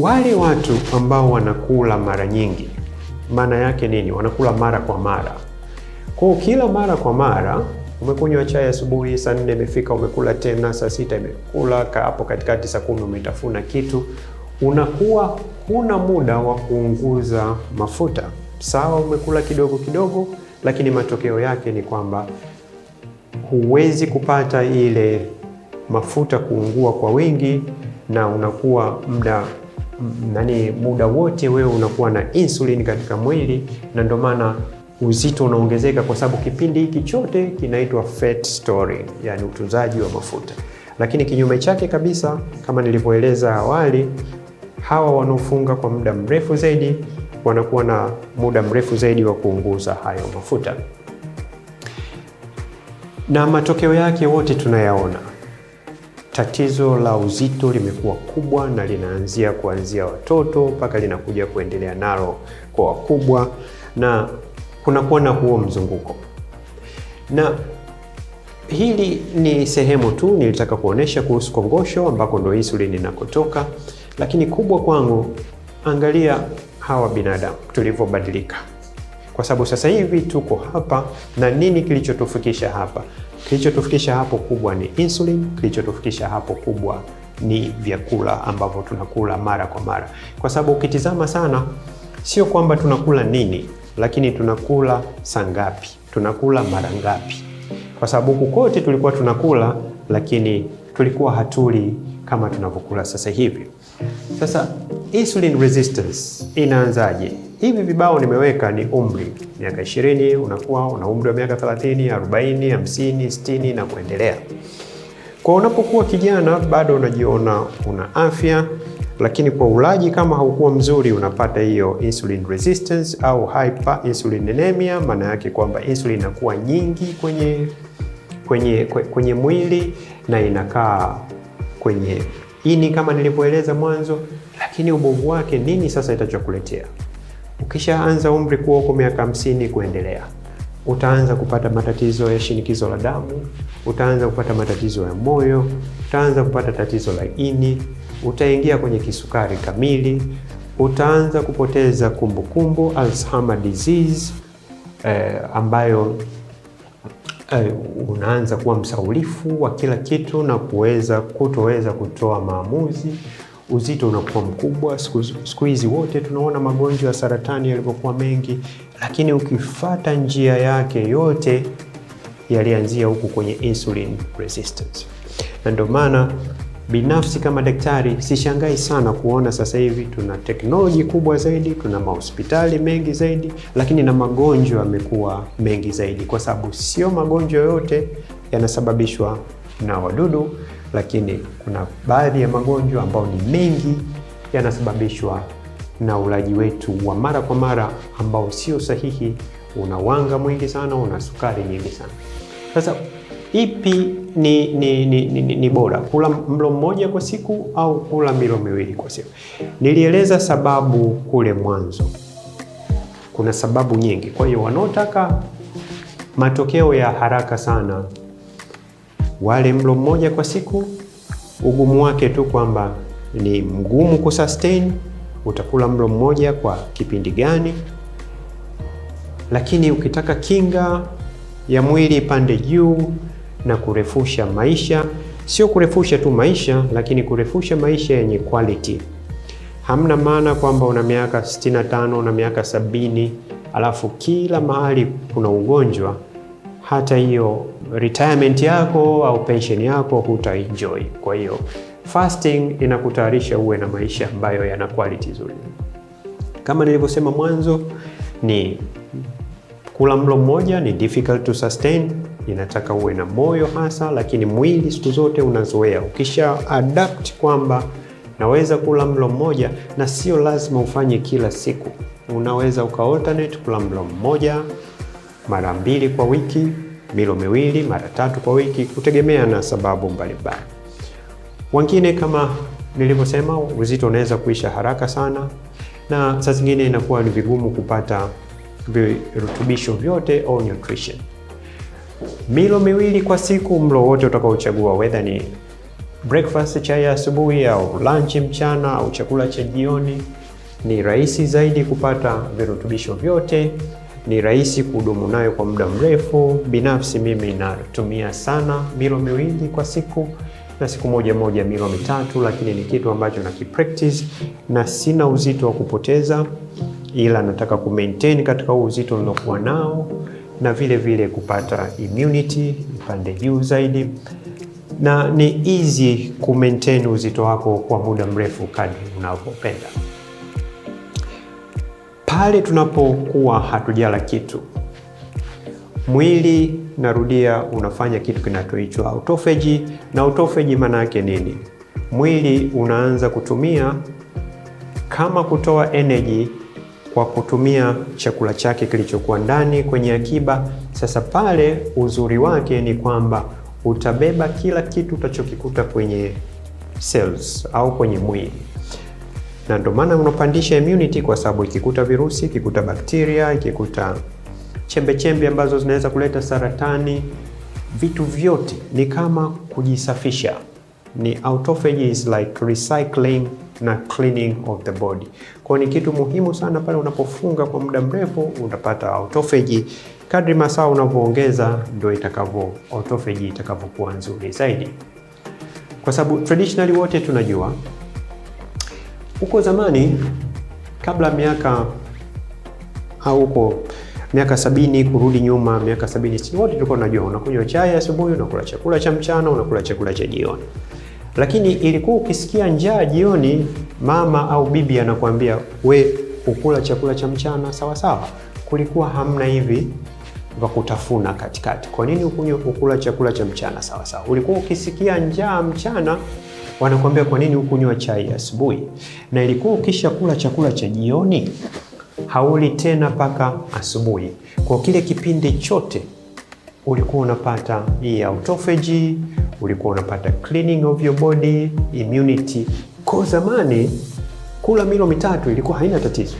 Wale watu ambao wanakula mara nyingi, maana yake nini? Wanakula mara kwa mara. Kwa kila mara kwa mara, umekunywa chai asubuhi saa nne imefika, umekula tena saa sita imekula hapo katikati, saa kumi umetafuna kitu, unakuwa huna muda wa kuunguza mafuta. Sawa, umekula kidogo kidogo, lakini matokeo yake ni kwamba huwezi kupata ile mafuta kuungua kwa wingi na unakuwa muda nani, muda wote wewe unakuwa na insulin katika mwili, na ndio maana uzito unaongezeka, kwa sababu kipindi hiki chote kinaitwa fat storing, yani utunzaji wa mafuta. Lakini kinyume chake kabisa, kama nilivyoeleza awali, hawa wanaofunga kwa muda mrefu zaidi wanakuwa na muda mrefu zaidi wa kuunguza hayo mafuta, na matokeo yake wote tunayaona tatizo la uzito limekuwa kubwa na linaanzia kuanzia watoto mpaka linakuja kuendelea nalo kwa wakubwa, na kunakuwa na huo mzunguko na hili ni sehemu tu nilitaka kuonesha kuhusu kongosho ambako ndo insulin inakotoka, lakini kubwa kwangu, angalia hawa binadamu tulivyobadilika, kwa sababu sasa hivi tuko hapa na nini kilichotufikisha hapa? Kilichotufikisha hapo kubwa ni insulin, kilichotufikisha hapo kubwa ni vyakula ambavyo tunakula mara kwa mara, kwa sababu ukitizama sana, sio kwamba tunakula nini, lakini tunakula saa ngapi, tunakula mara ngapi, kwa sababu huku kote tulikuwa tunakula, lakini tulikuwa hatuli kama tunavyokula sasa hivi. Sasa insulin resistance inaanzaje? hivi vibao nimeweka ni umri miaka ishirini, unakuwa una umri wa miaka 30, 40, 50, 60 na kuendelea. Kwa unapokuwa kijana bado unajiona una afya, lakini kwa ulaji kama haukuwa mzuri, unapata hiyo insulin resistance au hyperinsulinemia. Maana yake kwamba insulin inakuwa nyingi kwenye, kwenye, kwenye mwili na inakaa kwenye ini kama nilivyoeleza mwanzo, lakini ubovu wake nini sasa itachokuletea Ukishaanza umri kuwa uko miaka hamsini kuendelea, utaanza kupata matatizo ya shinikizo la damu, utaanza kupata matatizo ya moyo, utaanza kupata tatizo la ini, utaingia kwenye kisukari kamili, utaanza kupoteza kumbukumbu kumbu, Alzheimer disease eh, ambayo eh, unaanza kuwa msaulifu wa kila kitu na kuweza kutoweza kutoa maamuzi uzito unakuwa mkubwa. Siku hizi wote tunaona magonjwa ya saratani yalivyokuwa mengi, lakini ukifata njia yake yote yalianzia huku kwenye insulin resistance, na ndio maana binafsi kama daktari sishangai sana kuona sasa hivi tuna teknoloji kubwa zaidi, tuna mahospitali mengi zaidi, lakini na magonjwa yamekuwa mengi zaidi, kwa sababu sio magonjwa yote yanasababishwa na wadudu lakini kuna baadhi ya magonjwa ambayo ni mengi yanasababishwa na ulaji wetu wa mara kwa mara ambao sio sahihi, una wanga mwingi sana, una sukari nyingi sana. Sasa ipi ni, ni, ni, ni, ni bora kula mlo mmoja kwa siku au kula milo miwili kwa siku? Nilieleza sababu kule mwanzo, kuna sababu nyingi. Kwa hiyo wanaotaka matokeo ya haraka sana wale mlo mmoja kwa siku, ugumu wake tu kwamba ni mgumu kusustain, utakula mlo mmoja kwa kipindi gani. Lakini ukitaka kinga ya mwili ipande juu na kurefusha maisha, sio kurefusha tu maisha, lakini kurefusha maisha yenye quality. Hamna maana kwamba una miaka 65 una miaka sabini alafu kila mahali kuna ugonjwa, hata hiyo retirement yako au pension yako hutaenjoy. Kwa hiyo fasting inakutayarisha uwe na maisha ambayo yana quality nzuri. Kama nilivyosema mwanzo, ni kula mlo mmoja ni difficult to sustain, inataka uwe na moyo hasa, lakini mwili siku zote unazoea. Ukisha adapt kwamba naweza kula mlo mmoja na sio lazima ufanye kila siku, unaweza uka alternate kula mlo mmoja mara mbili kwa wiki milo miwili mara tatu kwa wiki kutegemea na sababu mbalimbali. Wengine kama nilivyosema, uzito unaweza kuisha haraka sana, na saa zingine inakuwa ni vigumu kupata virutubisho vyote au nutrition. Milo miwili kwa siku, mlo wote utakaochagua, whether ni breakfast chai ya asubuhi au lunch mchana au chakula cha jioni, ni rahisi zaidi kupata virutubisho vyote ni rahisi kudumu nayo kwa muda mrefu. Binafsi mimi natumia sana milo miwili kwa siku na siku moja moja milo mitatu, lakini ni kitu ambacho na kipractice na sina uzito wa kupoteza, ila nataka maintain katika huu uzito nilokuwa nao na vile vile kupata immunity ipande juu zaidi, na ni easy maintain uzito wako kwa muda mrefu kadri unavyopenda. Pale tunapokuwa hatujala kitu, mwili narudia, unafanya kitu kinachoitwa autophagy. Na autophagy maana yake nini? Mwili unaanza kutumia kama kutoa energy kwa kutumia chakula chake kilichokuwa ndani kwenye akiba. Sasa pale uzuri wake ni kwamba utabeba kila kitu utachokikuta kwenye cells au kwenye mwili na ndio maana unapandisha immunity, kwa sababu ikikuta virusi, ikikuta bakteria, ikikuta chembe chembe ambazo zinaweza kuleta saratani, vitu vyote ni kama kujisafisha. Ni autophagy is like recycling na cleaning of the body. Kwa ni kitu muhimu sana pale unapofunga kwa muda mrefu unapata autophagy. Kadri masaa unavyoongeza ndio itakavyo autophagy itakavyokuwa nzuri zaidi, kwa sababu traditionally wote tunajua huko zamani kabla miaka au huko miaka sabini kurudi nyuma, miaka sabini sitini, wote tulikuwa tunajua unakunywa chai asubuhi, unakula chakula cha mchana, unakula chakula cha jioni. Lakini ilikuwa ukisikia njaa jioni, mama au bibi anakuambia we ukula chakula cha mchana sawa sawa. Kulikuwa hamna hivi vya kutafuna katikati. Kwa nini ukunywa ukula chakula cha mchana sawa sawa? Ulikuwa ukisikia njaa mchana wanakuambia kwa nini hukunywa chai asubuhi, na ilikuwa ukisha kula chakula cha jioni hauli tena mpaka asubuhi. Kwa kile kipindi chote ulikuwa unapata hii autophagy, ulikuwa unapata cleaning of your body, immunity. Kwa zamani kula milo mitatu ilikuwa haina tatizo.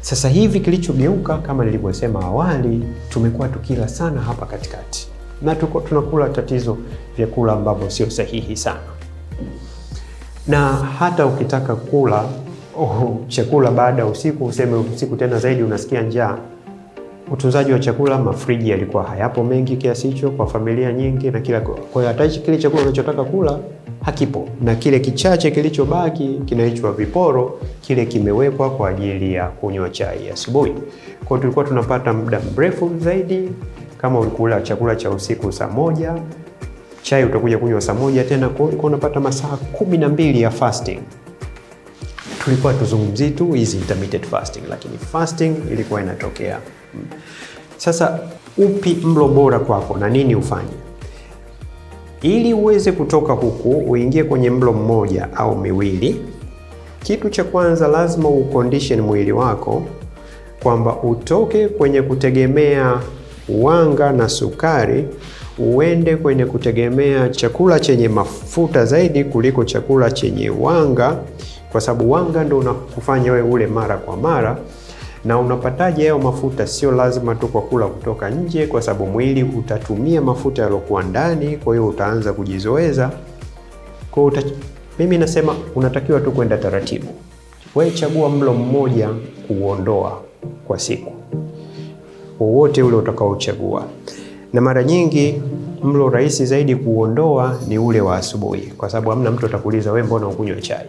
Sasa hivi kilichogeuka, kama nilivyosema awali, tumekuwa tukila sana hapa katikati na tuko, tunakula tatizo vyakula ambavyo sio sahihi sana, na hata ukitaka kula oh, chakula baada ya usiku, useme usiku tena zaidi, unasikia njaa. Utunzaji wa chakula, mafriji yalikuwa hayapo mengi kiasi hicho kwa familia nyingi, na kila kwa hiyo hata kile chakula unachotaka kula hakipo, na kile kichache kilichobaki kinaitwa viporo, kile kimewekwa kwa ajili ya kunywa chai asubuhi. Kwa hiyo tulikuwa tunapata muda mrefu zaidi kama ulikula chakula cha usiku saa moja, chai utakuja kunywa saa moja tena, kwa hiyo unapata masaa kumi na mbili ya fasting. Tulikuwa tuzungumzi tu hizi intermittent fasting, lakini fasting ilikuwa inatokea. Sasa upi mlo bora kwako na nini ufanye ili uweze kutoka huku uingie kwenye mlo mmoja au miwili? Kitu cha kwanza lazima ucondition mwili wako kwamba utoke kwenye kutegemea wanga na sukari uende kwenye kutegemea chakula chenye mafuta zaidi kuliko chakula chenye wanga, kwa sababu wanga ndio unakufanya wewe ule mara kwa mara. Na unapataje hayo mafuta? Sio lazima tu kwa kula kutoka nje, kwa sababu mwili utatumia mafuta yaliokuwa ndani, kwa hiyo utaanza kujizoeza. Kwa uta... mimi nasema unatakiwa tu kwenda taratibu. Wewe chagua mlo mmoja kuuondoa kwa siku wowote ule utakaochagua, na mara nyingi mlo rahisi zaidi kuondoa ni ule wa asubuhi, kwa sababu hamna mtu atakuuliza wewe, mbona ukunywa chai,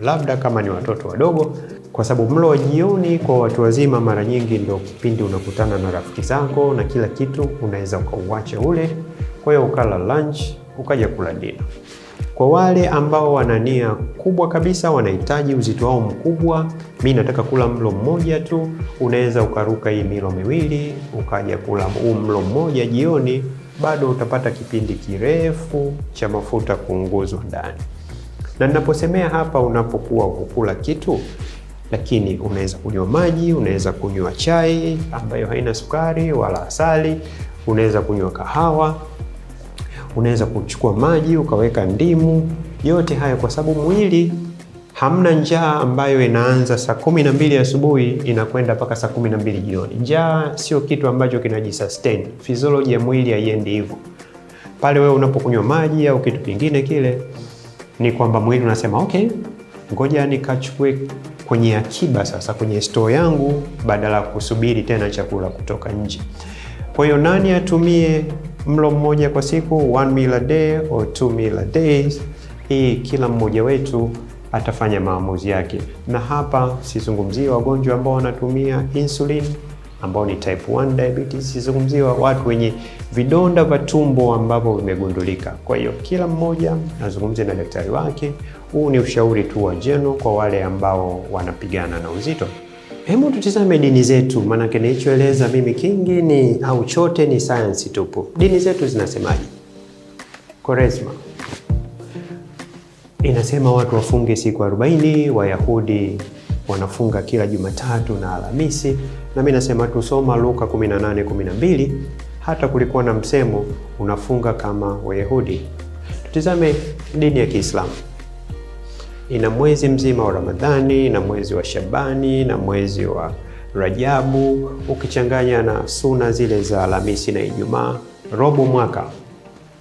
labda kama ni watoto wadogo, kwa sababu mlo wa jioni kwa watu wazima mara nyingi ndio kipindi unakutana na rafiki zako na kila kitu unaweza ukauacha ule, kwa hiyo ukala lunch ukaja kula dinner. Kwa wale ambao wana nia kubwa kabisa, wanahitaji uzito wao mkubwa, mi nataka kula mlo mmoja tu, unaweza ukaruka hii milo miwili ukaja kula huu mlo mmoja jioni, bado utapata kipindi kirefu cha mafuta kuunguzwa ndani. Na ninaposemea hapa, unapokuwa hukula kitu lakini unaweza kunywa maji, unaweza kunywa chai ambayo haina sukari wala asali, unaweza kunywa kahawa unaweza kuchukua maji ukaweka ndimu, yote hayo kwa sababu mwili hamna njaa ambayo inaanza saa kumi na mbili asubuhi inakwenda mpaka saa kumi na mbili jioni. Njaa sio kitu ambacho kinajisustain, physiology ya mwili haiendi hivyo. Pale wewe unapokunywa maji au kitu kingine kile, ni kwamba mwili unasema okay, ngoja nikachukue kwenye akiba sasa, kwenye store yangu, badala ya kusubiri tena chakula kutoka nje. Kwa hiyo nani atumie mlo mmoja kwa siku, one meal a day or two meal a day. Hii kila mmoja wetu atafanya maamuzi yake, na hapa sizungumzii wagonjwa ambao wanatumia insulin ambao ni type 1 diabetes, sizungumzii watu wenye vidonda vya tumbo ambavyo vimegundulika. Kwa hiyo kila mmoja azungumze na daktari wake. Huu ni ushauri tu wa jeno kwa wale ambao wanapigana na uzito. Hebu tutizame dini zetu, maanake nilichoeleza mimi kingi ni au chote ni sayansi tupu. Dini zetu zinasemaje? Koresma inasema watu wafunge siku 40, Wayahudi wanafunga kila Jumatatu na Alhamisi, na mimi nasema tusoma Luka 18 12, hata kulikuwa na msemo unafunga kama Wayahudi. Tutizame dini ya Kiislamu ina mwezi mzima wa Ramadhani na mwezi wa Shabani na mwezi wa Rajabu ukichanganya na suna zile za Alhamisi na Ijumaa, robo mwaka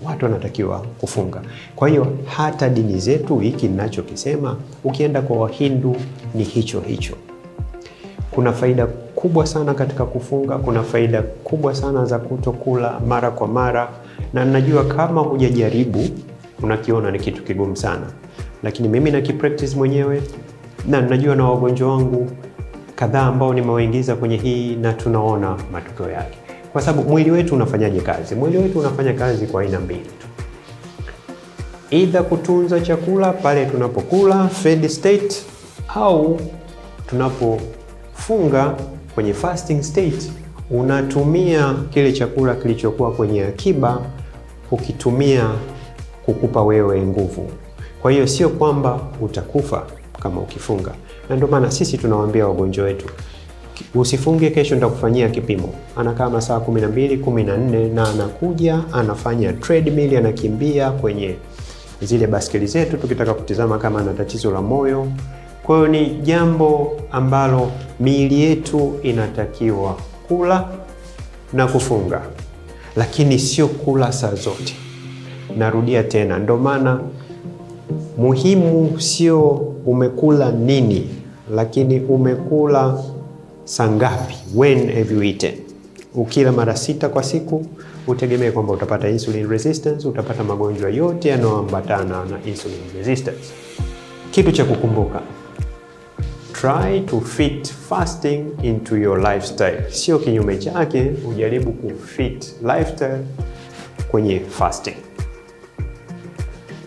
watu wanatakiwa kufunga. Kwa hiyo hata dini zetu, hiki ninachokisema, ukienda kwa Wahindu ni hicho hicho. Kuna faida kubwa sana katika kufunga, kuna faida kubwa sana za kutokula mara kwa mara, na najua kama hujajaribu unakiona ni kitu kigumu sana lakini mimi na kipractice mwenyewe na najua na wagonjwa wangu kadhaa ambao nimewaingiza kwenye hii na tunaona matokeo yake, kwa sababu mwili wetu unafanyaje kazi? Mwili wetu unafanya kazi kwa aina mbili tu, either kutunza chakula pale tunapokula fed state, au tunapofunga kwenye fasting state, unatumia kile chakula kilichokuwa kwenye akiba, ukitumia kukupa wewe nguvu. Kwa hiyo sio kwamba utakufa kama ukifunga, na ndio maana sisi tunawaambia wagonjwa wetu usifunge kesho, nitakufanyia kipimo. Anakaa masaa 12 14, na anakuja anafanya treadmill, anakimbia kwenye zile baskeli zetu, tukitaka kutizama kama ana tatizo la moyo. Kwa hiyo ni jambo ambalo miili yetu inatakiwa kula na kufunga, lakini sio kula saa zote. Narudia tena, ndio maana Muhimu sio umekula nini, lakini umekula saa ngapi, when have you eaten. Ukila mara sita kwa siku utegemee kwamba utapata insulin resistance, utapata magonjwa yote yanayoambatana na insulin resistance. Kitu cha kukumbuka, try to fit fasting into your lifestyle, sio kinyume chake. Ujaribu kufit lifestyle kwenye fasting.